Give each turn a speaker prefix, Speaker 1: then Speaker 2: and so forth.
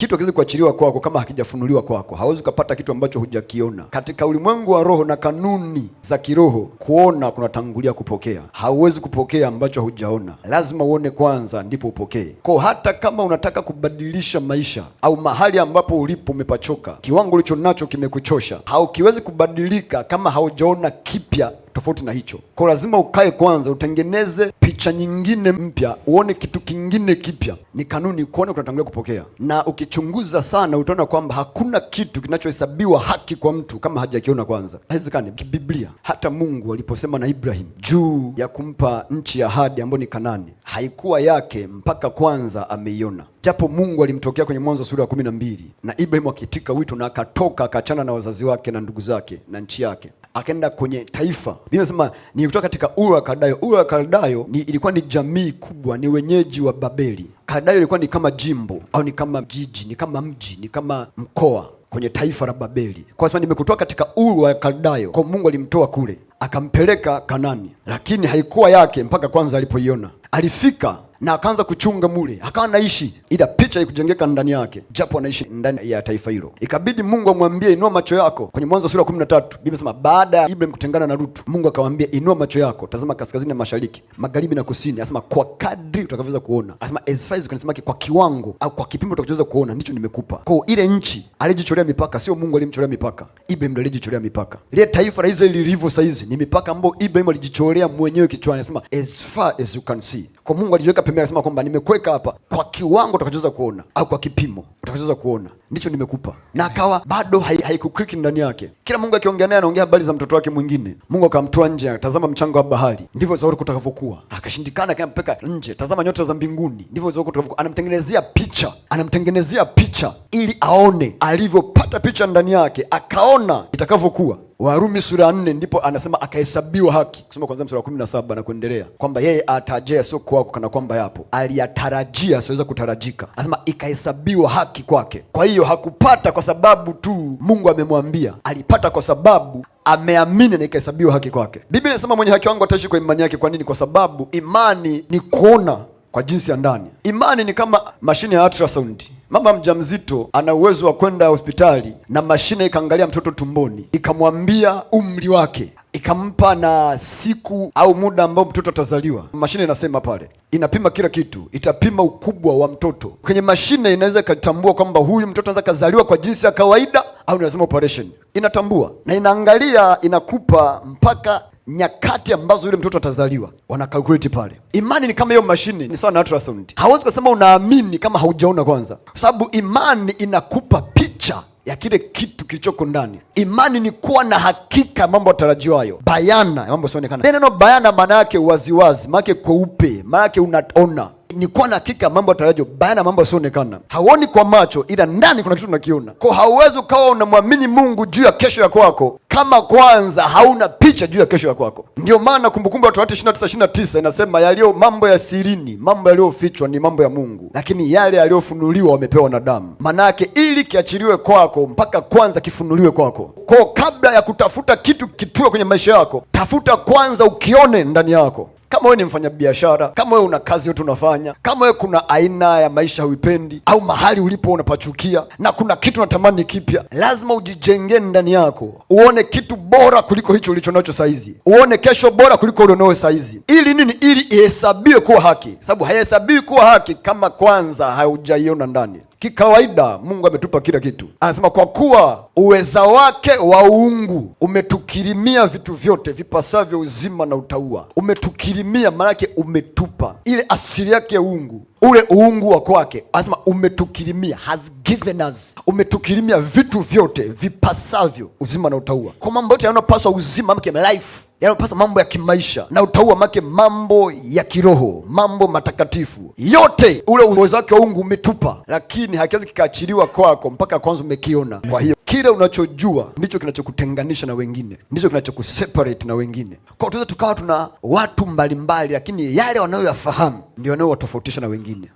Speaker 1: Kitu hakiwezi kuachiliwa kwako kama hakijafunuliwa kwako. Hawezi ukapata kitu ambacho hujakiona katika ulimwengu wa roho na kanuni za kiroho. Kuona kunatangulia kupokea. Hauwezi kupokea ambacho hujaona, lazima uone kwanza ndipo upokee. Kwa hata kama unataka kubadilisha maisha au mahali ambapo ulipo umepachoka, kiwango ulicho nacho kimekuchosha, haukiwezi kubadilika kama haujaona kipya tofauti na hicho. Kwa lazima ukae kwanza, utengeneze picha nyingine mpya, uone kitu kingine kipya. Ni kanuni kuona kunatangulia kupokea, na ukichunguza sana utaona kwamba hakuna kitu kinachohesabiwa haki kwa mtu kama hajakiona kwanza. Haiwezekani kibiblia. Hata Mungu aliposema na Ibrahim juu ya kumpa nchi ya ahadi ambayo ni Kanani, haikuwa yake mpaka kwanza ameiona japo Mungu alimtokea kwenye Mwanzo sura ya kumi na mbili na Ibrahimu akiitika wito na akatoka akaachana na wazazi wake na ndugu zake na nchi yake akaenda kwenye taifa. Biblia inasema ni kutoka katika ur wa Kaldayo. Ur wa Kaldayo ni ilikuwa ni jamii kubwa, ni wenyeji wa Babeli. Kaldayo ilikuwa ni kama jimbo au ni kama jiji, ni kama mji, ni kama mkoa kwenye taifa la Babeli. Kwa sababu nimekutoa katika ur wa Kaldayo, kwa Mungu alimtoa kule akampeleka Kanani, lakini haikuwa yake mpaka kwanza alipoiona. Alifika na akaanza kuchunga mule, akawa naishi ila picha ikujengeka ndani yake, japo anaishi ndani ya taifa hilo. Ikabidi Mungu amwambie inua macho yako. Kwenye Mwanzo sura ya 13 Biblia sema baada ya Ibrahim kutengana na Rutu, Mungu akamwambia inua macho yako, tazama kaskazini na mashariki, magharibi na kusini, anasema kwa kadri utakavyoweza kuona, anasema as far as you can see, kwa kiwango au kwa kipimo utakachoweza kuona ndicho nimekupa. Kwa ile nchi alijichorea mipaka, sio Mungu alimchorea mipaka, Ibrahim ndiye alijichorea mipaka. Ile taifa la Israeli lilivyo saizi ni mipaka ambayo Ibrahim alijichorea mwenyewe kichwani, anasema as far as you can see kwa Mungu alijiweka pembeni, akasema kwamba nimekuweka hapa kwa kiwango utakachoweza kuona au kwa kipimo utakachoweza kuona ndicho nimekupa, na akawa bado haikukriki hai ndani yake. Kila Mungu akiongea naye anaongea habari za mtoto wake mwingine. Mungu akamtoa nje, tazama mchango wa bahari, ndivyo Sauli kutakavyokuwa. Akashindikana, peka nje, tazama nyota za mbinguni, ndivyo Sauli kutakavyokuwa. Anamtengenezea picha, anamtengenezea picha ili aone alivyopata picha ndani yake, akaona itakavyokuwa. Warumi sura ya nne ndipo anasema akahesabiwa haki, kusoma kwanza mstari wa kumi na saba na kuendelea, kwamba yeye atajea sio kwako kana kwamba yapo, aliyatarajia asiweza kutarajika, anasema ikahesabiwa haki kwake. Kwa hiyo hakupata kwa sababu tu Mungu amemwambia, alipata kwa sababu ameamini na ikahesabiwa haki kwake. Biblia inasema mwenye haki wangu ataishi kwa imani yake. Kwa nini? Kwa sababu imani ni kuona kwa jinsi ya ndani. Imani ni kama mashine ya ultrasound Mama mjamzito ana uwezo wa kwenda hospitali na mashine ikaangalia mtoto tumboni, ikamwambia umri wake, ikampa na siku au muda ambao mtoto atazaliwa. Mashine inasema pale, inapima kila kitu, itapima ukubwa wa mtoto kwenye mashine, inaweza ikatambua kwamba huyu mtoto anaweza kazaliwa kwa jinsi ya kawaida au ni lazima operation. Inatambua na inaangalia, inakupa mpaka nyakati ambazo yule mtoto atazaliwa, wana calculate pale. Imani ni kama hiyo mashine, ni sawa na ultrasound. Hauwezi kusema unaamini kama haujaona kwanza, kwa sababu imani inakupa picha ya kile kitu kilichoko ndani. Imani ni kuwa na hakika ya mambo yatarajiwayo, bayana ya mambo yasionekana. Neno bayana maana yake waziwazi, maana yake kweupe, maana yake unaona ni kuwa na hakika mambo yatayajo baana ya mambo yasionekana. Hauoni kwa macho, ila ndani kuna kitu unakiona. Kwa hauwezi ukawa unamwamini Mungu juu ya kesho ya kwako kama kwanza hauna picha juu ya kesho ya kwako. Ndio maana Kumbukumbu la Torati 29:29 inasema yaliyo mambo ya sirini, mambo yaliyofichwa ni mambo ya Mungu, lakini yale yaliyofunuliwa wamepewa wanadamu. yake ili kiachiliwe kwako mpaka kwanza kifunuliwe kwako. Kwa kabla ya kutafuta kitu kitue kwenye maisha yako, tafuta kwanza ukione ndani yako. Kama wewe ni mfanyabiashara, kama wewe una kazi yote unafanya, kama wewe kuna aina ya maisha huipendi, au mahali ulipo unapachukia na kuna kitu unatamani kipya, lazima ujijengee ndani yako, uone kitu bora kuliko hicho ulichonacho saizi, uone kesho bora kuliko ulionao saizi, ili nini? Ili ihesabiwe kuwa haki, sababu haihesabiwi kuwa haki kama kwanza haujaiona ndani. Kikawaida Mungu ametupa kila kitu, anasema kwa kuwa uweza wake wa uungu umetukirimia vitu vyote vipasavyo uzima na utaua. Umetukirimia maanake umetupa ile asili yake ya uungu ule uungu wa kwake, anasema umetukirimia, has given us, umetukirimia vitu vyote vipasavyo uzima na utaua. Kwa mambo yote yanayopaswa uzima, make life, yanayopaswa mambo ya kimaisha, na utaua make mambo ya kiroho, mambo matakatifu yote, ule uwezo wake wa uungu umetupa, lakini hakiwezi kikaachiliwa kwako mpaka kwanza umekiona. Kwa hiyo Kile unachojua ndicho kinachokutenganisha na wengine, ndicho kinachokuseparate na wengine. Kwa tunaweza tukawa tuna watu mbalimbali, lakini yale wanayoyafahamu ndio wanayowatofautisha na wengine.